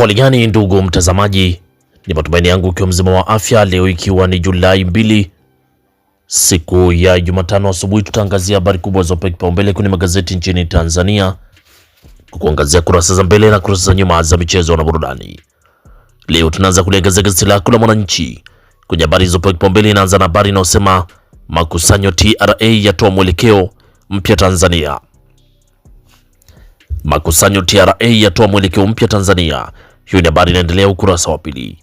Hali gani ndugu mtazamaji, ni matumaini yangu ukiwa mzima wa afya. Leo ikiwa ni Julai mbili, siku ya Jumatano asubuhi, tutaangazia habari kubwa zopewa kipaumbele kwenye magazeti nchini Tanzania, kukuangazia kurasa za mbele na kurasa za nyuma za michezo na burudani. Leo tunaanza kuliangazia gazeti laku la Mwananchi kwenye habari zilizopewa kipaumbele. Inaanza na habari inayosema makusanyo TRA yatoa mwelekeo mpya Tanzania Makusanyo TRA yatoa mwelekeo mpya Tanzania. Hiyo ni habari inaendelea ukurasa wa pili.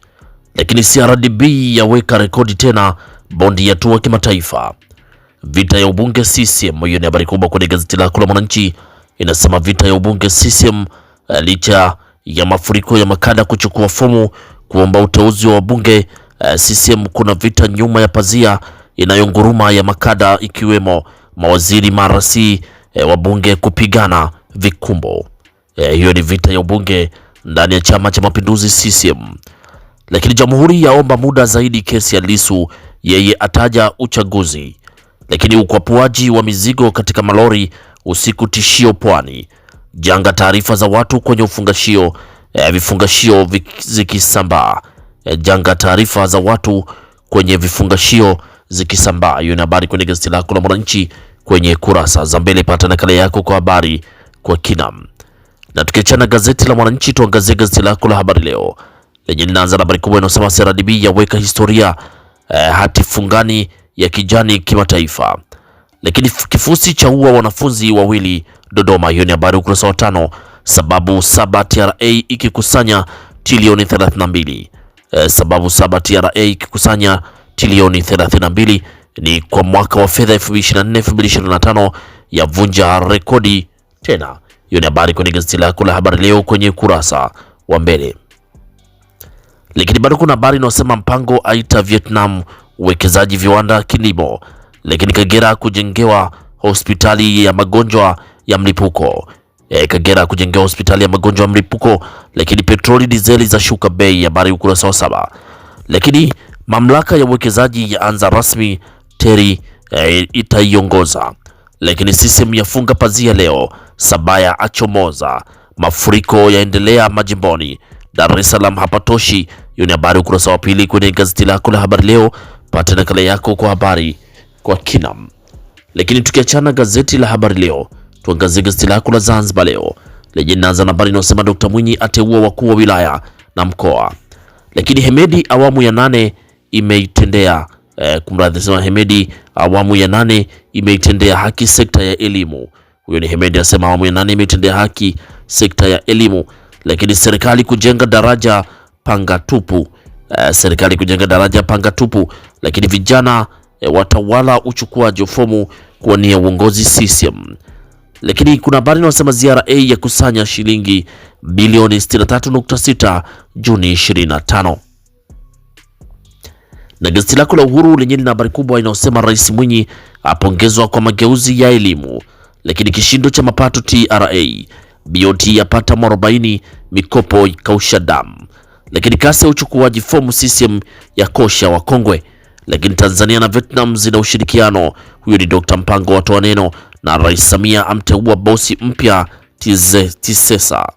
Lakini CRDB yaweka rekodi tena, bondi yatua kimataifa. Vita ya ubunge CCM. Hiyo ni habari kubwa kwenye gazeti lako la Mwananchi, inasema vita ya ubunge CCM eh, licha ya mafuriko ya makada kuchukua fomu kuomba uteuzi wa wabunge eh, CCM. Kuna vita nyuma ya pazia inayonguruma ya makada ikiwemo mawaziri, marasi, eh, wabunge kupigana Vikumbo. Eh, hiyo ni vita ya ubunge ndani ya chama cha mapinduzi CCM. Lakini jamhuri yaomba muda zaidi kesi ya Lisu, yeye ataja uchaguzi. Lakini ukwapuaji wa mizigo katika malori usiku tishio pwani. Janga taarifa za watu kwenye ufungashio e, vifungashio zikisambaa. E, janga taarifa za watu kwenye vifungashio zikisambaa. Hiyo ni habari kwenye gazeti lako la Mwananchi kwenye kurasa za mbele. Pata nakala yako kwa habari kwa kina. Na tukiachana gazeti la Mwananchi, tuangazie gazeti lako la Habari Leo lenye linaanza na habari kubwa inayosema CRDB yaweka historia eh, hati fungani ya kijani kimataifa, lakini kifusi cha ua wanafunzi wawili Dodoma. Hiyo ni habari ukurasa wa tano. Sababu saba TRA ikikusanya trilioni 32. Eh, sababu saba TRA ikikusanya trilioni 32 ni kwa mwaka wa fedha 2024 2025 yavunja rekodi tena. Hiyo ni habari kwenye gazeti lako la habari leo kwenye kurasa wa mbele. Lakini bado kuna habari inayosema Mpango aita Vietnam uwekezaji viwanda kilimo. Lakini Kagera kujengewa hospitali ya magonjwa ya mlipuko. E, Kagera kujengewa hospitali ya magonjwa ya mlipuko. Lakini petroli dizeli za shuka bei, habari ukurasa wa saba. Lakini mamlaka ya uwekezaji yaanza rasmi teri e, itaiongoza. Lakini CCM yafunga pazia leo Sabaya achomoza, mafuriko yaendelea majimboni. Dar es Salaam hapatoshi. Hiyo ni habari ukurasa wa pili kwenye gazeti lako la habari leo, pata nakala yako kwa habari kwa kina. Lakini tukiachana gazeti la habari leo, tuangazie gazeti lako la Zanzibar leo lenye naanza na habari inayosema Dr. Mwinyi ateua wakuu wa wilaya na mkoa. Lakini Hemedi awamu ya nane imeitendea eh, kumradhi sema Hemedi awamu ya nane imeitendea haki sekta ya elimu. Huyo ni Hemedi asema awamu ya nane imetendea haki sekta ya elimu, lakini serikali kujenga daraja panga tupu. Uh, serikali kujenga daraja panga tupu, lakini vijana eh, watawala uchukuaji fomu kuwania uongozi CCM. Lakini kuna habari ziara a ya kusanya shilingi bilioni 63.6 Juni 25 na gazeti lako la Uhuru lenye lina habari kubwa inayosema Rais Mwinyi apongezwa kwa mageuzi ya elimu lakini kishindo cha mapato TRA, BOT yapata mwarobaini, mikopo kausha damu, lakini kasi ya uchukuaji fomu CCM ya kosha wa kongwe, lakini Tanzania na Vietnam zina ushirikiano. Huyo ni Dr. Mpango watoa neno na Rais Samia amteua bosi mpya Tisesa.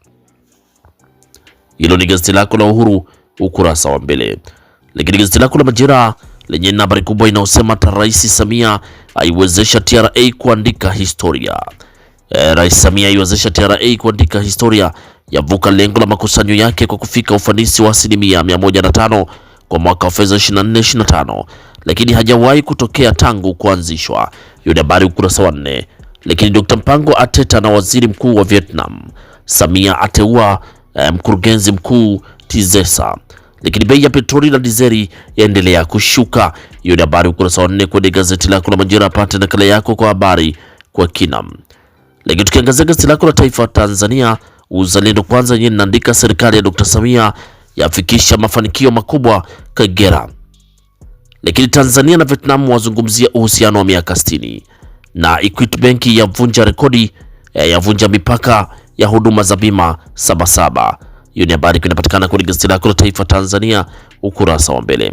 Hilo ni gazeti lako la Uhuru ukurasa wa mbele, lakini gazeti lako la Majira lenye habari kubwa inayosema Rais Samia aiwezesha TRA kuandika historia. E, Rais Samia aiwezesha TRA kuandika historia, yavuka lengo la makusanyo yake kwa kufika ufanisi wa asilimia 105 kwa mwaka wa fedha lakini hajawahi kutokea tangu kuanzishwa. Hiyo ni habari ukurasa wa 4. Lakini Dr. Mpango ateta na waziri mkuu wa Vietnam. Samia ateua e, mkurugenzi mkuu TIZESA lakini bei ya petroli na dizeli yaendelea kushuka. Hiyo ni habari ukurasa wa nne kwenye gazeti lako la Majira. pate nakala yako kwa habari kwa kina. Lakini tukiangazia gazeti lako la Taifa Tanzania Uzalendo Kwanza, yeye linaandika serikali ya Dr. Samia yafikisha mafanikio makubwa Kagera. Lakini Tanzania na Vietnam wazungumzia uhusiano wa miaka 60 na Equity Bank yavunja rekodi eh, yavunja mipaka ya huduma za bima Sabasaba. Hiyo ni habari inapatikana kwenye gazeti lako la Taifa Tanzania ukurasa wa mbele,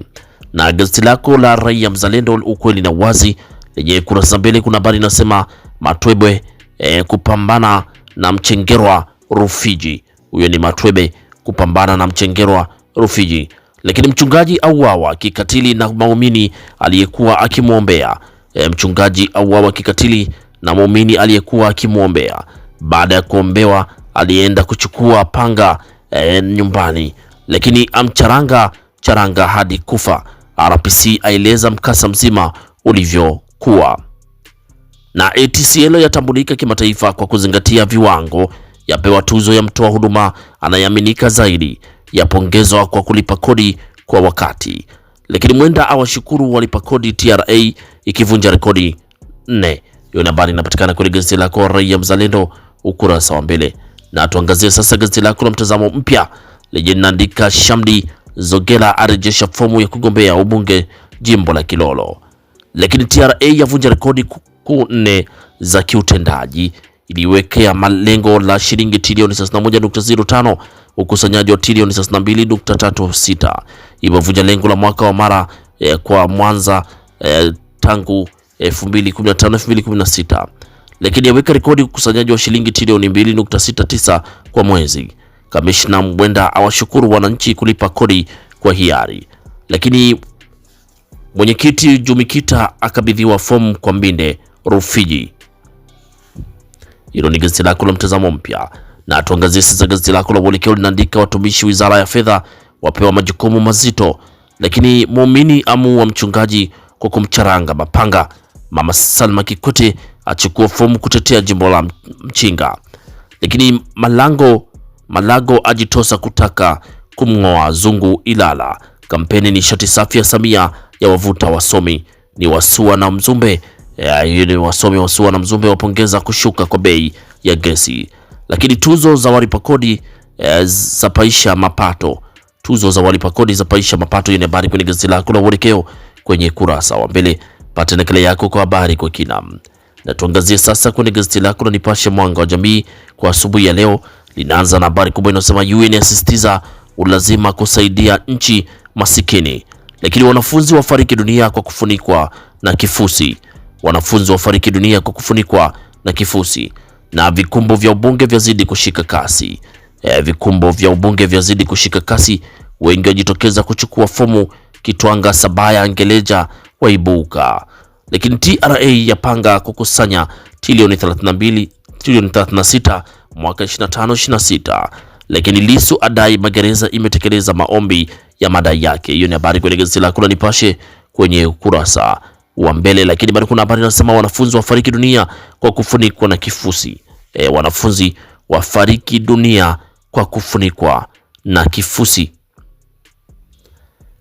na gazeti lako la Raia Mzalendo ukweli na uwazi lenye kurasa mbele kuna habari inasema Matwebe eh, kupambana na Mchengerwa Rufiji. Huyo ni Matwebe kupambana na Mchengerwa Rufiji. Lakini mchungaji auawa kikatili na maumini aliyekuwa akimwombea. E, mchungaji auawa kikatili na muumini aliyekuwa akimwombea. Baada ya kuombewa, alienda kuchukua panga e, nyumbani, lakini amcharanga charanga hadi kufa. RPC aeleza mkasa mzima ulivyokuwa. Na ATCL yatambulika kimataifa kwa kuzingatia viwango, yapewa tuzo ya mtoa huduma anayeaminika zaidi, yapongezwa kwa kulipa kodi kwa wakati. Lakini mwenda awashukuru walipa kodi TRA ikivunja rekodi nne. Hiyo habari inapatikana kwenye gazeti lako Raia Mzalendo ukurasa wa mbele. Na tuangazie sasa gazeti lako la Mtazamo Mpya lenye linaandika Shamdi Zogela arejesha fomu ya kugombea ubunge jimbo la Kilolo, lakini TRA yavunja rekodi kuu nne za kiutendaji iliwekea malengo la shilingi trilioni 31.05 ukusanyaji wa trilioni 32.36, imevunja lengo la mwaka wa mara eh, kwa Mwanza eh, tangu 2015 eh, 2016 lakini aweka rekodi ukusanyaji wa shilingi trilioni 2.69 kwa mwezi. Kamishna Mwenda awashukuru wananchi kulipa kodi kwa hiari, lakini mwenyekiti Jumikita akabidhiwa fomu kwa Mbinde Rufiji. Hilo ni gazeti lako la mtazamo mpya, na tuangazie sasa gazeti lako la Uelekeo linaandika watumishi wizara ya fedha wapewa majukumu mazito, lakini muumini wa mchungaji kwa kumcharanga mapanga. Mama Salma Kikwete achukua fomu kutetea jimbo la Mchinga, lakini Malango Malago ajitosa kutaka kumng'oa Zungu Ilala. Kampeni ni shati safi ya Samia ya wavuta wasomi ni Wasua na Mzumbe ni wasomi Wasua na Mzumbe wapongeza kushuka kwa bei ya gesi. Lakini tuzo za walipa kodi eh, zapaisha mapato. Tuzo za walipakodi zapaisha mapato. Hiyo ni habari kwenye gazeti lako la Uelekeo kwenye kurasa wa mbele pata nakala yako kwa habari kwa kina. Na tuangazie sasa kwenye gazeti lako la Nipashe Mwanga wa Jamii kwa asubuhi ya leo, linaanza na habari kubwa inayosema UN yasisitiza ulazima kusaidia nchi masikini, lakini wanafunzi wafariki dunia kwa kufunikwa na kifusi. Wanafunzi wafariki dunia kwa kufunikwa na kifusi. Na vikumbo vya ubunge vyazidi kushika kasi. E, vikumbo vya ubunge vyazidi kushika kasi, wengi wajitokeza kuchukua fomu. Kitwanga Sabaya Ngeleja waibuka lakini TRA yapanga kukusanya trilioni 32 trilioni 36 mwaka 25 26, lakini Lisu adai magereza imetekeleza maombi ya madai yake. Hiyo ni habari kwenye gazeti lako la Nipashe kwenye ukurasa wa mbele, lakini bado kuna habari inasema wanafunzi wafariki dunia kwa kufunikwa na kifusi. E, wanafunzi wafariki dunia kwa kufunikwa na kifusi.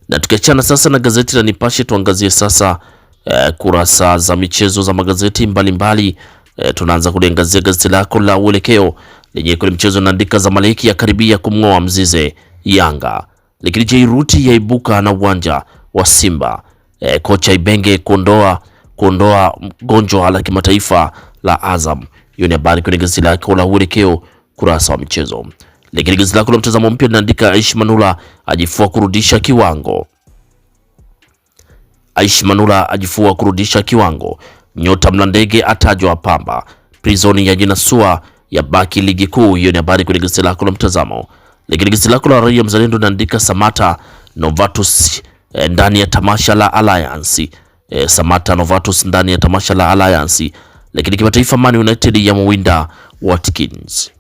Na tukiachana sasa na gazeti la Nipashe tuangazie sasa eh, kurasa za michezo za magazeti mbalimbali mbali. Eh, tunaanza kuliangazia gazeti lako la Uelekeo lenye kule mchezo naandika Zamaleki ya karibia kumng'oa Mzize Yanga, lakini Jairuti yaibuka na uwanja wa Simba. Eh, kocha Ibenge kuondoa kuondoa gonjwa la kimataifa la Azam. Hiyo ni habari kwenye gazeti lako la Uelekeo kurasa wa michezo. Lakini gazeti lako la Mtazamo Mpya linaandika Aishi Manula ajifua kurudisha kiwango Aishi Manula ajifua kurudisha kiwango, nyota Mlandege atajwa Pamba, prizoni ya Jinasua ya baki ligi kuu. Hiyo ni habari kwenye gazeti lako la Mtazamo, lakini gazeti lako la Raia Mzalendo linaandika Samata Novatus eh, ndani ya tamasha la Alliance eh, Samata Novatus ndani ya tamasha la Alliance. Lakini kimataifa Man United ya Mwinda Watkins.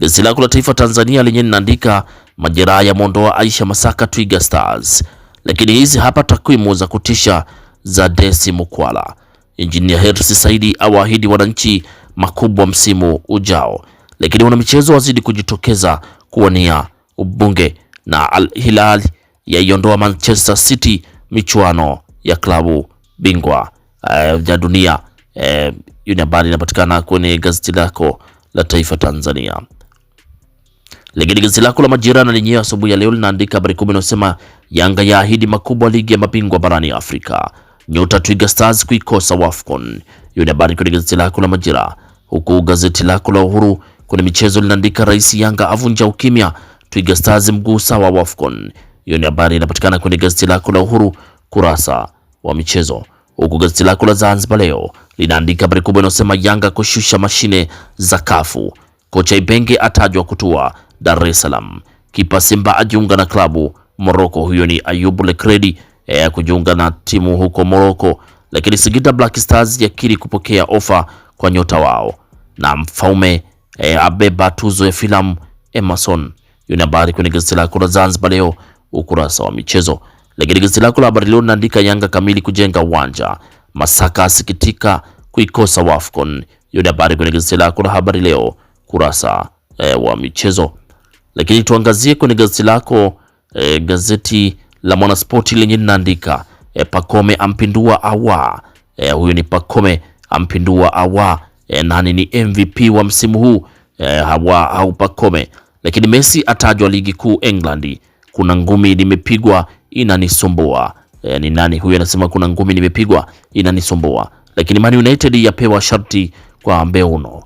Gazeti lako la Taifa Tanzania lenye linaandika majeraha ya mondoa Aisha Masaka Twiga Stars lakini hizi hapa takwimu za kutisha za Desi Mukwala. Injinia Hersi Saidi awaahidi wananchi makubwa msimu ujao, lakini wanamichezo wazidi kujitokeza kuwania ubunge na Al Hilal yaiondoa Manchester City michuano ya klabu bingwa uh, ya dunia. Uh, ni habari inapatikana kwenye gazeti lako la Taifa Tanzania. Lakini gazeti lako la Majira na lenyewe asubuhi ya leo linaandika habari kubwa inayosema Yanga yaahidi makubwa ligi ya mabingwa barani Afrika. Nyota Twiga Stars kuikosa WAFCON. Hiyo ni habari kwenye gazeti lako la Majira, huku gazeti lako la Uhuru kwenye michezo linaandika Rais Yanga avunja ukimya, Twiga Stars mguu sawa WAFCON. Hiyo ni habari inapatikana kwenye gazeti lako la Uhuru kurasa wa michezo, huku gazeti lako la Zanzibar Leo linaandika habari kubwa inayosema Yanga kushusha mashine za kafu, kocha Ibenge atajwa kutua Dar es Salaam, kipa Simba ajiunga na klabu Morocco. Huyo ni Ayub Lekredi eh, kujiunga na timu huko Morocco, lakini Singida Black Stars yakiri kupokea ofa kwa nyota wao na Mfaume eh, abeba tuzo ya filamu Emerson. Hiyo ni habari kwenye gazeti lako la Zanzibar leo ukurasa wa michezo. Lakini gazeti lako la habari leo linaandika Yanga kamili kujenga uwanja, Masaka asikitika kuikosa Wafcon. Hiyo ni habari kwenye gazeti lako la habari leo kurasa eh, wa michezo. Lakini tuangazie kwenye gazeti lako e, gazeti la Mwanaspoti lenye linaandika e, Pakome ampindua awa e, huyu ni Pakome ampindua awa e, nani ni MVP wa msimu huu e, hawa au Pakome. Lakini Messi atajwa ligi kuu England. Kuna ngumi nimepigwa inanisumbua e, ni nani huyu anasema kuna ngumi nimepigwa inanisumbua. Lakini Man United yapewa sharti kwa Mbeuno.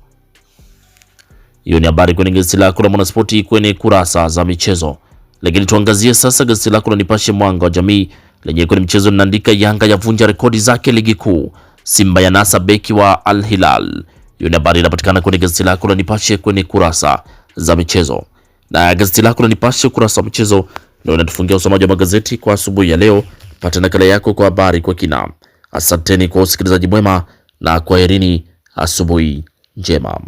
Hiyo ni habari kwenye gazeti lako la Mwanaspoti kwenye kurasa za michezo. Lakini tuangazie sasa gazeti lako la Nipashe Mwanga wa Jamii lenye kwenye mchezo linaandika Yanga yavunja rekodi zake ligi kuu, Simba ya nasa beki wa Al Hilal. Hiyo ni habari inapatikana kwenye gazeti lako la Nipashe kwenye kurasa za michezo, na gazeti lako la Nipashe kurasa za michezo ndio inatufungia usomaji wa magazeti kwa asubuhi ya leo. Pata nakala yako kwa habari kwa kina. Asanteni kwa usikilizaji mwema na kwaherini, asubuhi njema.